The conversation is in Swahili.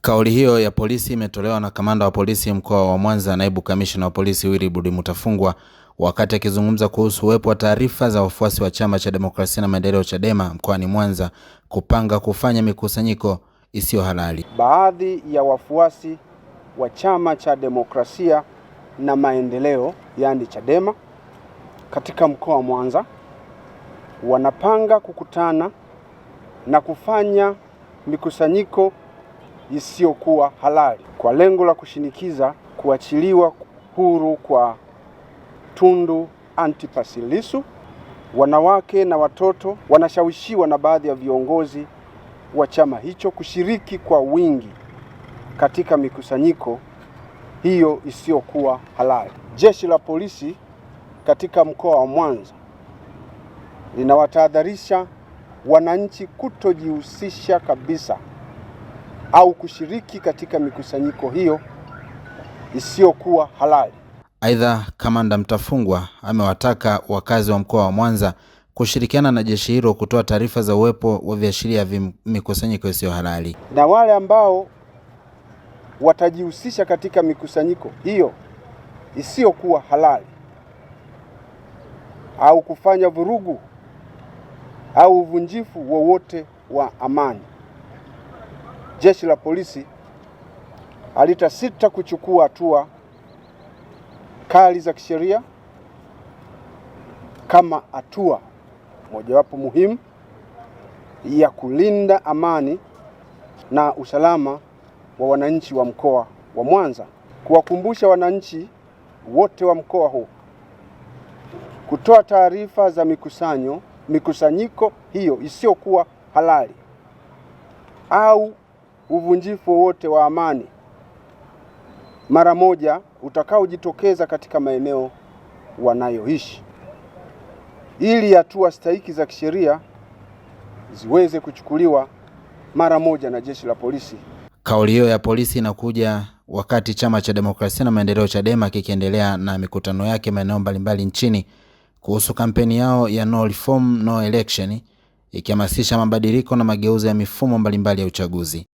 Kauli hiyo ya polisi imetolewa na kamanda wa polisi mkoa wa Mwanza, naibu kamishna wa polisi Wilibudi Mutafungwa wakati akizungumza kuhusu uwepo wa taarifa za wafuasi wa chama cha demokrasia na maendeleo CHADEMA mkoani Mwanza kupanga kufanya mikusanyiko isiyo halali. Baadhi ya wafuasi wa chama cha demokrasia na maendeleo yaani CHADEMA katika mkoa wa Mwanza wanapanga kukutana na kufanya mikusanyiko isiyokuwa halali kwa lengo la kushinikiza kuachiliwa huru kwa Tundu Antipas Lissu. Wanawake na watoto wanashawishiwa na baadhi ya viongozi wa chama hicho kushiriki kwa wingi katika mikusanyiko hiyo isiyokuwa halali. Jeshi la polisi katika mkoa wa Mwanza linawatahadharisha wananchi kutojihusisha kabisa au kushiriki katika mikusanyiko hiyo isiyokuwa halali. Aidha, Kamanda Mtafungwa amewataka wakazi wa mkoa wa Mwanza kushirikiana na jeshi hilo kutoa taarifa za uwepo wa viashiria vya mikusanyiko isiyo halali, na wale ambao watajihusisha katika mikusanyiko hiyo isiyokuwa halali au kufanya vurugu au uvunjifu wowote wa amani jeshi la polisi halitasita kuchukua hatua kali za kisheria kama hatua mojawapo muhimu ya kulinda amani na usalama wa wananchi wa mkoa wa Mwanza, kuwakumbusha wananchi wote wa mkoa huu kutoa taarifa za mikusanyo mikusanyiko hiyo isiyokuwa halali au uvunjifu wote wa amani mara moja utakaojitokeza katika maeneo wanayoishi ili hatua stahiki za kisheria ziweze kuchukuliwa mara moja na jeshi la polisi. Kauli hiyo ya polisi inakuja wakati chama cha demokrasia na maendeleo Chadema kikiendelea na mikutano yake maeneo mbalimbali nchini kuhusu kampeni yao ya no reform no election, ikihamasisha mabadiliko na mageuzi ya mifumo mbalimbali ya uchaguzi.